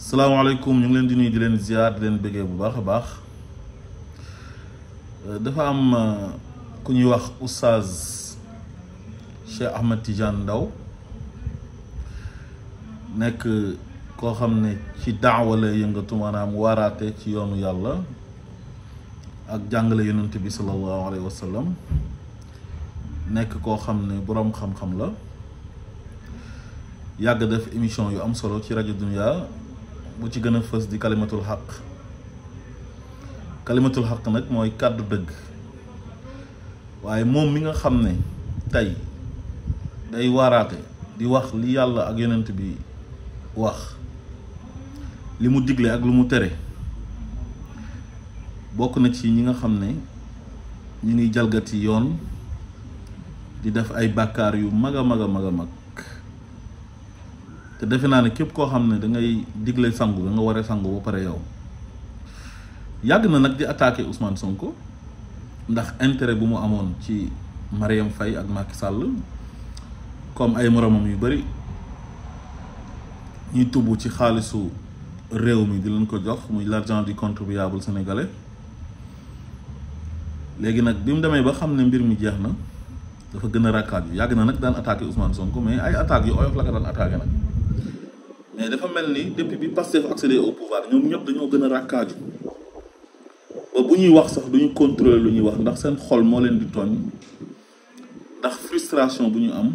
salaamaaleykum ñu ngi leen di nuyu di leen ziar di leen bëggee bu baax a baax dafa am ku ñuy wax oustaz Cheikh Ahmed Tidiane Ndao nekk koo xam ne ci daawa la yëngatu maanaam waaraate ci yoonu yàlla ak jàngale yonent bi sallallahu alayhi wa sallam nekk koo xam ne boroom xam-xam la yàgg def émission yu am solo ci rajo Dunia. bu ci gëna fess di kalimatul haqq kalimatul haqq nak moy kaddu deug waye mom mi nga xamne tay day waaraate di wax li yalla ak te bi wax li diglé ak lu mu tere bokk na ci ñi nga xamne ñi ni ngi jalgati yoon di def ay bakar yu maga maga maga mag te defe naa ne képp koo xam ne dangay ngay digle sangu da nga waree sangu ba pare yow yàgg na nag di attaqué Ousmane Sonko ndax intérêt bu mu amoon ci Mariam Faye ak Macky Sall comme ay moromam yu bari ñuy tubb ci xaalisu réew mi di leen ko jox muy l'argent du contribuable sénégalais léegi nag bi mu demee ba xam ne mbir mi jeex na dafa gën a rakkaat na nag daan attaqué Ousmane Sonko mais ay attaques yu oyof la ko daan attaqué nag. mais eh, dafa mel ni depuis bi Pastef accédé au pouvoir ñoom ñëpp dañoo gën a rakkaaju ba bu ñuy wax sax duñu contrôler lu ñuy wax ndax seen xol moo leen di tooñ ndax frustration bu ñu am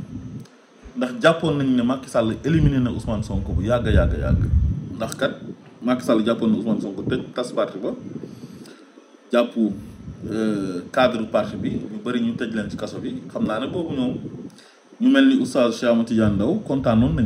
ndax jàppoon nañ ne Macky Sall éliminé na Ousmane Sonko bu yàgg yàgg yàgg ndax kat Macky Sall jàppoon na Ousmane Sonko tëj tas parti ba jàpp euh, cadre parti bi ñu bëri ñu tëj leen ci kaso bi xam naa ne boobu ñoom ñu mel ni oustaz Cheikh Amadou Tidiane Ndao kontaanoon nañ.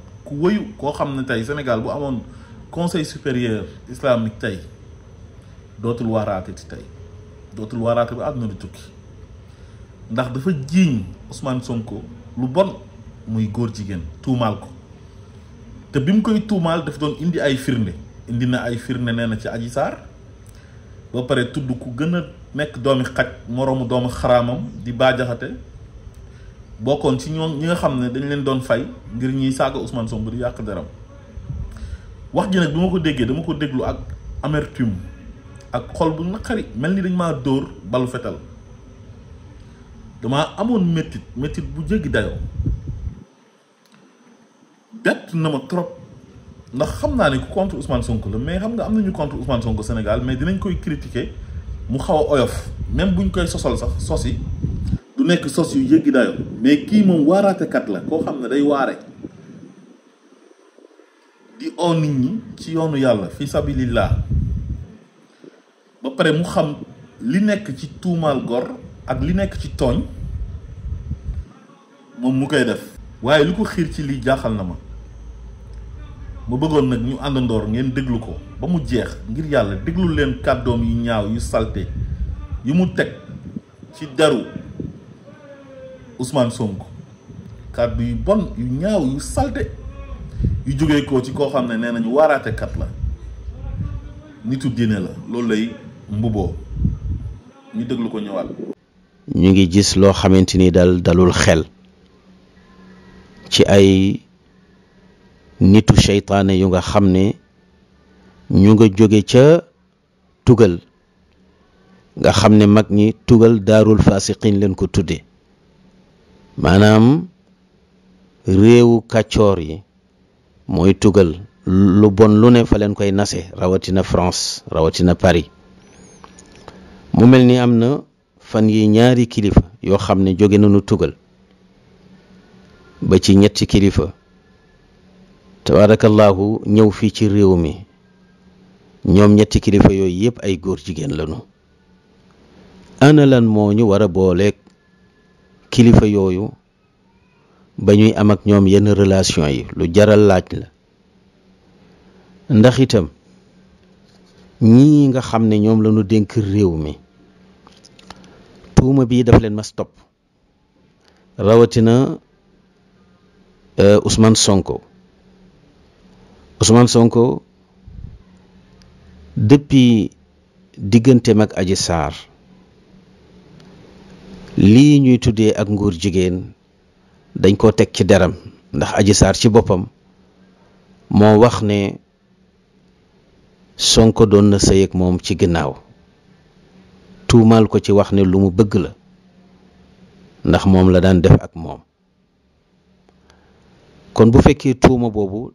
ku wëyu koo xam ne tey Sénégal bu amoon conseil supérieur islamique tey dootul waaraate ci tey dootul waaraate ba àdduna di tukki ndax dafa jiiñ Ousmane Sonko lu bon muy góor jigéen tuumaal ko te bi mu koy tuumaal daf doon indi ay firnde indi na ay firnde nee na ci Adji Sarr ba pare tudd ku gën a nekk doomi xaj moroomu doomu xaraamam di baajaxate bokkoon ci ñoom ñi nga xam ne dañ leen doon fay ngir ñiy saaga Ousmane Sonko di yàq deram wax ji nag bi ma ko déggee dama ko déglu ak amertume ak xol bu naqari mel ni dañ ma dóor balu fetal dama amoon metit métit bu jéggi dayoo bett na ma trop ndax xam naa ne ku contre Ousmane Sonko la mais xam nga am na ñu contre Ousmane Sonko Sénégal mais dinañ koy critiquer mu xaw a oyof même buñ koy sosal sax sosi du nekk sos yu jéggi dayoo mais kii moom waaraatekat la koo xam ne day waare di oo nit ñi ci yoonu yàlla fi sabilillah ba pare mu xam li nekk ci tuumaal gor ak li nekk ci tooñ moom mu koy def waaye lu ko xiir ci lii jaaxal na ma ma bëggoon nag ñu àndandoor ngeen déglu ko ba mu jeex ngir yàlla déglu leen kàddoom yu ñaaw yu salte yi mu teg ci daru Ousmane Sonko kàddu yu bon yu ñaaw yu salte yu jógee ko ci koo xam ne nee nañu waaraate kat la nitu diine la loolu lay mbuboo ñu déglu ko ñëwaat. ñu ngi gis loo xamante ni daal dalul xel ci ay nitu seytaane yu nga xam ne ñu nga jóge ca tugal nga xam ne mag ñi tugal daarul fasiqin leen ko tudde maanaam réewu kàccoor yi mooy tugal lu bon lu ne fa leen koy nase rawatina France rawatina Paris mu mel ni am na fan yi ñaari kilifa yoo xam ne jóge nañu tugal ba ci ñetti kilifa tabaarakallaahu ñëw fii ci réew mi ñoom ñetti kilifa yooyu yëpp ay góor jigéen lañu ana lan moo ñu war a booleeg kilifa yooyu ba ñuy am ak ñoom yenn relation yi lu jaral laaj la ndax itam ñii nga xam ne ñoom lañu dénk réew mi tuuma bii daf leen mas topp rawatina euh, Ousmane Sonko Ousmane Sonko depuis digganteem ak Adji Sarr lii ñuy tuddee ak nguur jigéen dañ koo teg ci deram ndax aji saar ci boppam moo wax ne sonko doon na sëy ak moom ci ginnaaw tuumaal ko ci wax ne lu mu bëgg la ndax moom la daan def ak moom kon bu fekkee tuuma boobu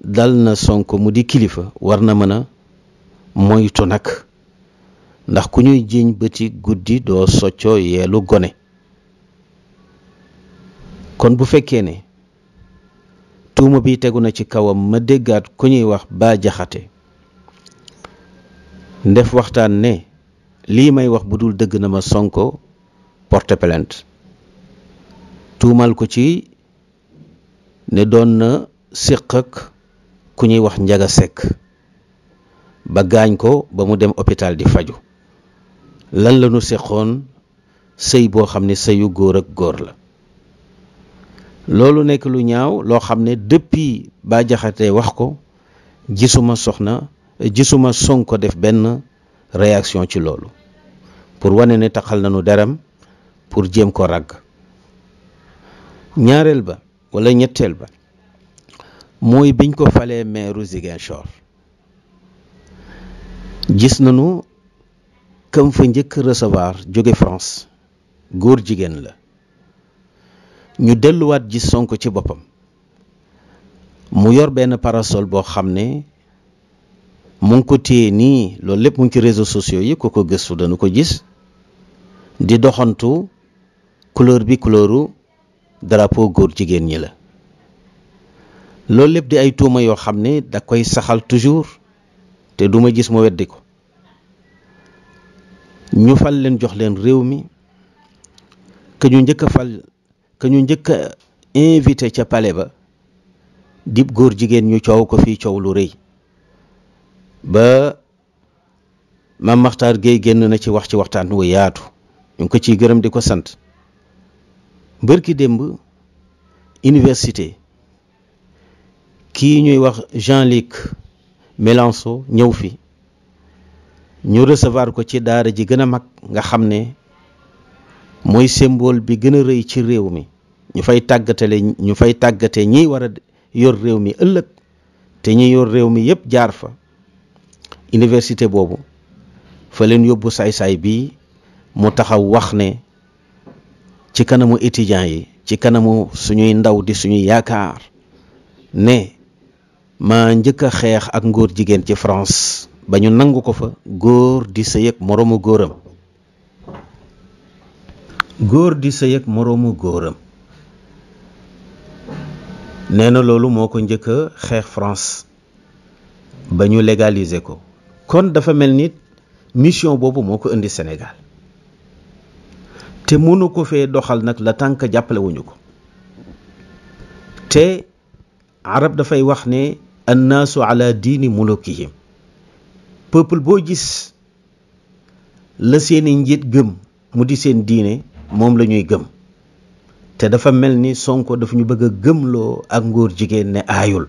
dal na sonk mu di kilifa war na mën a moytu nag ndax ku ñuy jiiñ bëti guddi doo soccoo yeelu gone kon bu fekkee ne tuuma bi tegu na ci kawam ma déggaat ku ñuy wax baa jaxate ndef waxtaan ne lii may wax bu dul dëgg na ma Sonko porte plainte tuumal ko ci ne doon na séq ku ñuy wax njaga sekk ba gaañ ko ba mu dem hôpital di faju lan la ñu sëy boo xam ne sëyu góor ak góor la loolu nekk lu ñaaw loo xam ne dëppi ba jaxatee wax ko gisuma soxna gisuma ko def benn réaction ci loolu pour wane ne taxal nañu deram pour jéem ko ràgg ñaareel ba wala ñetteel ba mooy biñ ko falee meeru Ziguinchor gis nañu kam fa njëkk recevoir jóge France góor jigéen la ñu delluwaat gis Sonko ci boppam mu yor benn parasol boo xam ne mu ngi ko téye nii loolu lépp mu ngi ci réseaux sociaux yi ku ko gëstu dana ko gis di doxantu couleur bi couleuru drapeau góor jigéen ñi la loolu lépp di ay tuuma yoo xam ne da koy saxal toujours te duma gis mu weddi ko ñu fal leen jox leen réew mi que ñu njëkk a fal que ñu njëkk a invité ca palais ba dib góor jigéen ñu coow ko fii coow lu rëy ba Mame Makhtar Gueye génn na ci wax ci waxtaan wu yaatu ñu ngi ko ciy gërëm di ko sant mbër ki démb université kii ñuy wax Jean-Luc Mélenchon ñëw fi ñu recevoir ko ci daara ji gën a mag nga xam ne mooy symbole bi gën a rëy ci réew mi ñu fay tàggatale ñu fay tàggate ñi war a yor réew mi ëllëg te ñi yor réew mi yëpp jaar fa université boobu fa leen yóbbu saay-saay bi mu taxaw wax ne ci kanamu étudiants yi ci kanamu suñuy ndaw di suñu yaakaar ne ma njëkk a xeex ak ngóor jigéen ci France ba ñu nangu ko fa góor di sëy ak moroomu góoram góor di sëy ak moroomu góoram nee na loolu moo ko njëkk a xeex France ba ñu légaliser ko kon dafa mel nit mission boobu moo ko indi senegal te mënu ko fee doxal nag la tànk jàppalewuñu ko te arab dafay wax ne annaasu ala diini mulukihim peuple boo gis la seeni njiit gëm mu di seen diine moom lañuy gëm te dafa mel ni Sonko dafa ñu bëgg a gëmloo ak ngóor jigéen ne aayul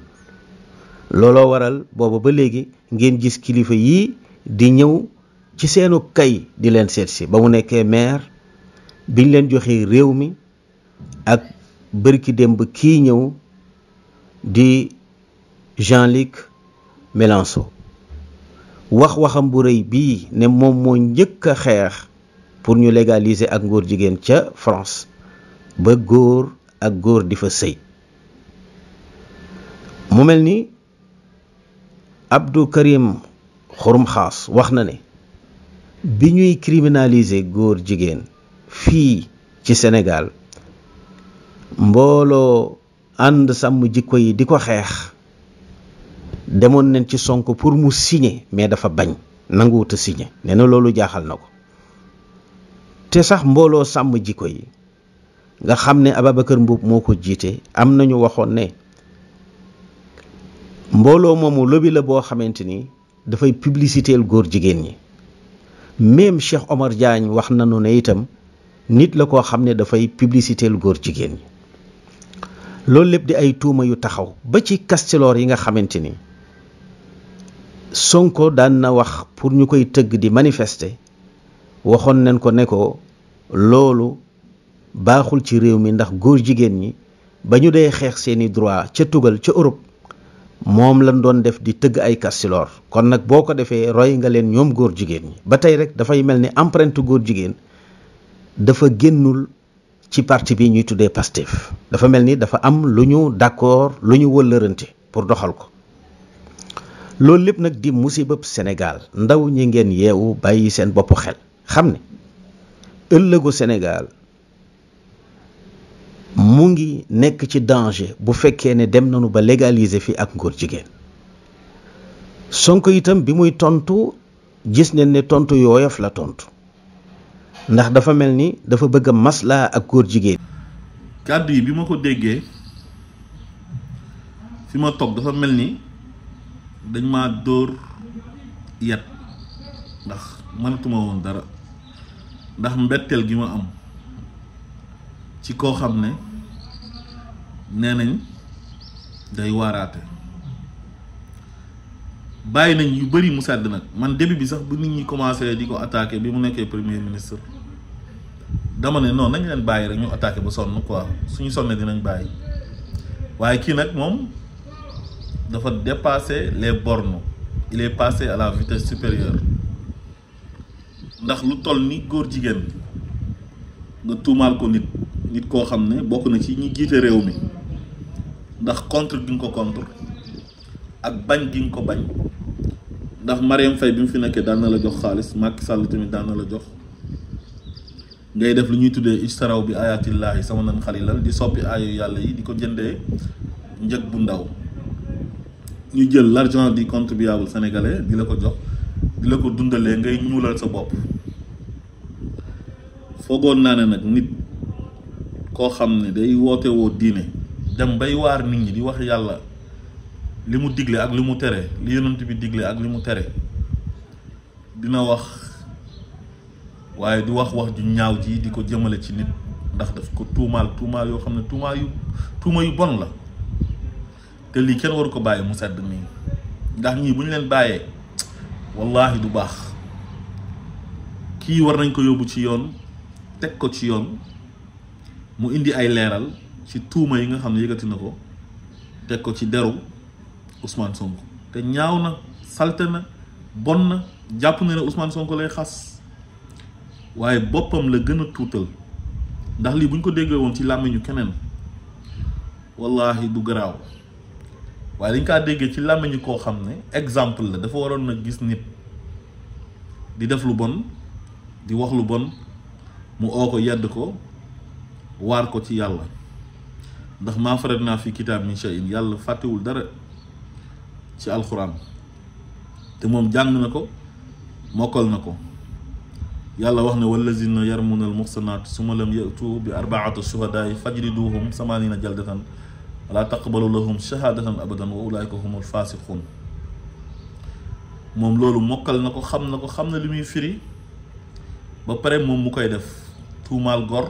looloo waral booba ba léegi ngeen gis kilifa yii di ñëw ci seenu kay di leen seet si ba mu nekkee maire biñ leen joxee réew mi ak bërki démb kii ñëw di Jean-Luc wax waxam bu rëy bii ne moom moo njëkk a xeex pour ñu légaliser ak ngóor jigéen ca France ba góor ak góor di fa sëy mu mel ni Abdou Karim Xurum Xaas wax na ne bi ñuy criminaliser góor jigéen fii ci Sénégal mbooloo ànd sàmm jikko yi di ko xeex demoon nañ ci Sonko pour mu signer mais dafa bañ nanguwut a signer nee na loolu jaaxal na ko te sax mbooloo sàmm jikko yi nga xam ne Ababacar Mboup moo ko jiite am nañu waxoon ne mbooloo moomu lobby la boo xamante ni dafay publicitéel góor jigéen ñi même Cheikh Omar Diagne wax nañu ne itam nit la koo xam ne dafay publicitéel góor jigéen ñi loolu lépp di ay tuuma yu taxaw ba ci kastiloor yi nga xamante ni Sonko daan na wax pour ñu koy tëgg di manifester waxoon nañ ko ne ko loolu baaxul ci réew mi ndax góor jigéen ñi ba ñu dee xeex seeni droit ca tugal ca Europe moom lañ doon def di tëgg ay kastiloor kon nag boo ko defee roy nga leen ñoom góor jigéen ñi ba tey rek dafay mel ni empreinte góor jigéen dafa génnul ci parti bi ñuy tuddee Pastef dafa mel ni dafa am lu ñu d'accord lu ñu wëllërante pour doxal ko loolu lépp nag di musibab senegaal ndaw ñi ngeen yeewu bàyyi seen bopp xel xam ne ëllëgu senegaal mu ngi nekk ci danger bu fekkee ne dem nanu ba légaliser fii ak ngóor jigéen Sonko itam bi muy tontu gis nañ ne tontu yooyof la tontu ndax dafa mel ni dafa bëgg maslaa ak góor jigéen. kàddu yi bi ma ko déggee fi ma toog dafa mel ni. dañ ma dóor yet ndax mënatuma woon dara ndax mbetteel gi ma am ci koo xam ne nee nañ day waaraate bàyyi nañ yu bëri mu sedd nag man début bi sax bu nit ñi commencé di ko attaqué bi mu nekkee premier ministre dama ne non nañ leen bàyyi rek ñu attaqué ba sonn quoi suñu sonnee dinañ bàyyi waaye kii nag moom dafa dépasser les bornes il est passé à la vitesse supérieure ndax lu toll ni góor jigéen nga tuumaal ko nit nit koo xam ne bokk na ci ñi jiite réew ndax contre gi nga ko contre ak bañ gi nga ko bañ ndax Mariam Faye bi mu fi nekkee daan na la jox xaalis Macky Sall tamit daan na la jox ngay def lu ñuy tuddee istaraw bi ayatillaahi sama nan xalilal di soppi aayu yàlla yi di ko jëndee njëg bu ndaw ñu jël l'argent di contribuable sénégalais di la ko jox di la ko dundalee ngay ñuulal sa bopp foogoon naa ne nag nit koo xam ne day woote woo diine dem bay waar nit ñi di wax yàlla li mu digle ak li mu tere li yonent digle ak li mu tere dina wax waaye du wax wax ju ñaaw ji di ko jëmale ci nit ndax daf ko tuumaal tuumaal yoo xam ne tuumaal yu tuuma yu bon la te lii kenn waru ko bàyyi mu sedd mii ndax ñii bu ñu leen bàyyee wallaahi du baax kii war nañ ko yóbbu ci yoon teg ko ci yoon mu indi ay leeral ci tuuma yi nga xam ne yëkkati na ko teg ko ci deru Ousmane Sonko te ñaaw na salte na bon na jàpp na ne Ousmane Sonko lay xas waaye boppam la gën a tuutal ndax lii bu ñu ko déggee woon ci làmmiñu keneen wallaahi du garaaw waaye dañ kaa déggee ci làmmiñu koo xam ne exemple la dafa waroon na gis nit di def lu bon di wax lu bon mu oo ko yedd ko waar ko ci yàlla ndax maa farat naa fi kitaab min shay'in yàlla fàttewul dara ci alxuraan te moom jàng na ko mokkal na ko yàlla wax ne wallazina yarmuna almuxsanaat suma lam yatu bi arbaati shuhadaa fajriduhum samaanina jaldatan ولا تقبلوا لهم شهادتهم ابدا واولئك هم الفاسقون موم لولو موكال نكو خام نكو خام لي مي فري با بري موم موكاي ديف غور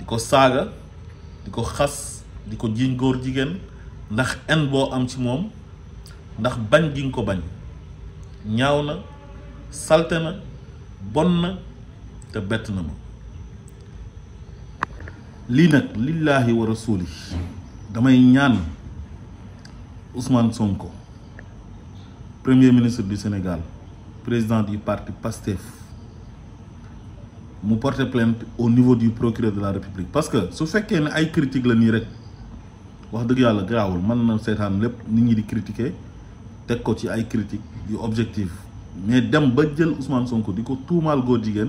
ديكو ساغا ديكو خاس ديكو جين غور جيجن ناخ ان بو ام سي موم ناخ بان جين كو بان نياونا سالتنا بوننا تبتنا موم lii Lillahi wa rasuuli damay ñaan Ousmane Sonko premier ministre du Sénégal président du parti PASTEF mu porter plainte au niveau du procureur de la République parce que ce fait qu'il ay critique la nii rek wax dëgg yalla grawul man na sétane lépp nit ñi di critiquer tek ko ci ay critique objectif mais dem ba jël Ousmane Sonko diko tout tout mal jigéen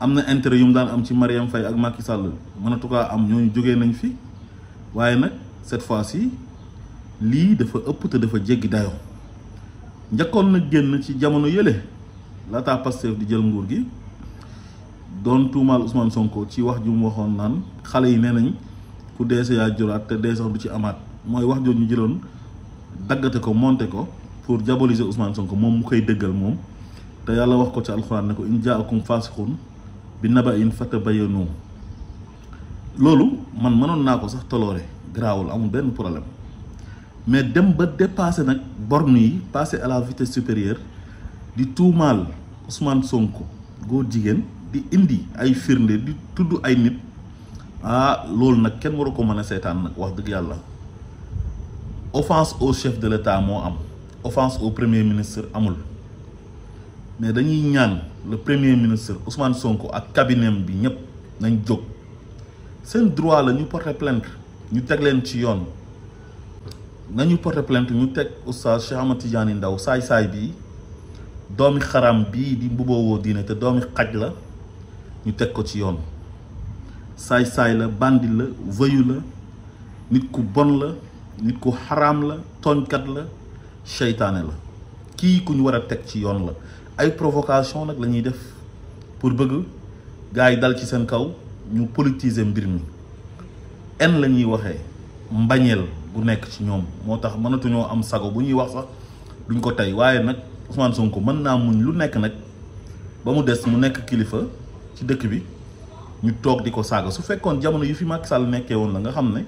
am na intérêt yum daan am ci Mariam Faye ak Macky Sall mënatu tuka am ñooñu joggé nañ fi wayé nak cette fois ci lii dafa ëpp te dafa jéggi dayo njëkkoon na génn ci jamono yële laataa Pastef di jël nguur gi don tuumaal Ousmane Sonko ci wax ju mu waxon naan xalé yi nenañ ku déssé ya yaa juraat te dee du ci amat moy wax jooju ñu jëloon daggate ko monte ko pour diaboliser Ousmane Sonko mom mu koy deggal mom té Yalla wax ko ci alcorane ko in jaakum fasikhun bi naba in fatabayyanu man manon nako ko sax toloore garaawul amul problème mais dem ba dépasser nak borne yi à la vitesse supérieure di tout Ousmane Sonko Songo, jigéen di indi ay firnde di tudd ay nit ah lolo nak kenn waru ko mën nak, seetaan wax offense au chef de l'État mo am offense au premier ministre amul mais dañuy ñaan. le premier ministre Ousmane Sonko ak kabineem bi ñëpp nañ jóg seen droit la ñu porter plainte ñu teg leen ci yoon nañu porter plainte ñu teg oustaz Cheikh Ahmed Ndaw saay-saay bii doomi xaram bii di mbuboowoo diine te doomi xaj la ñu teg ko ci yoon saay-saay la bandi la vëyu la nit ku bon la nit ku xaram la tooñkat la seytaane la kii ku ñu war a teg ci yoon la ay provocation nag la ñuy def pour bëgg gars yi dal ci seen kaw ñu politiser mbir mi enn la ñuy waxee mbañeel bu nekk ci ñoom moo tax mënatuñoo am sago bu ñuy wax sax duñ ko tey waaye nag Ousmane Sonko mën naa muñ lu nekk nag ba mu des mu nekk kilifa ci dëkk bi ñu toog di ko saaga su fekkoon jamono yu fi Macky Sall nekkee woon la nga xam ne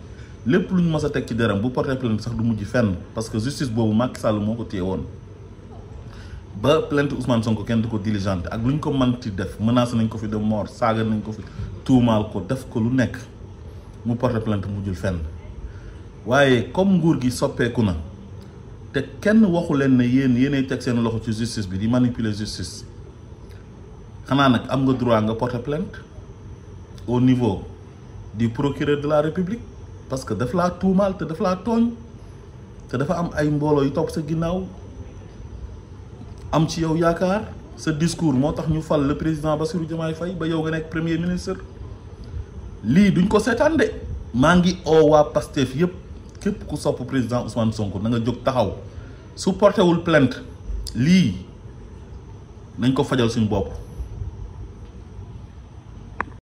lépp lu ñu mës a teg ci deram bu porté plainte sax du mujj fenn parce que justice boobu Macky Sall moo ko téye woon ba plainte Ousmane Sonko kenn du ko diligente ak luñ ko man ti def menacé nañ ko fi de mort saaga nañ ko fi mal ko def ko lu nek mu porter plainte jul fenn waye comme nguur gi soppeeku na te kenn waxu len ne yéen yéenay teg seen loxo ci justice bi di manipuler justice xanaa nak am nga droit nga porter plainte au niveau du procureur de la république parce que la tout mal, te def la togn te dafa am ay mbolo yu top sa ginnaw am ci yow yaakaar sa discours moo tax ñu fal le président Bassirou Diomaye fay ba yow nga nekk premier ministre lii duñ ko seetaan de maa ngi oo waa Pastef yëpp képp ku sopp président Ousmane Sonko na nga jóg taxaw su porté wul plainte lii dañ ko fajal suñu bopp.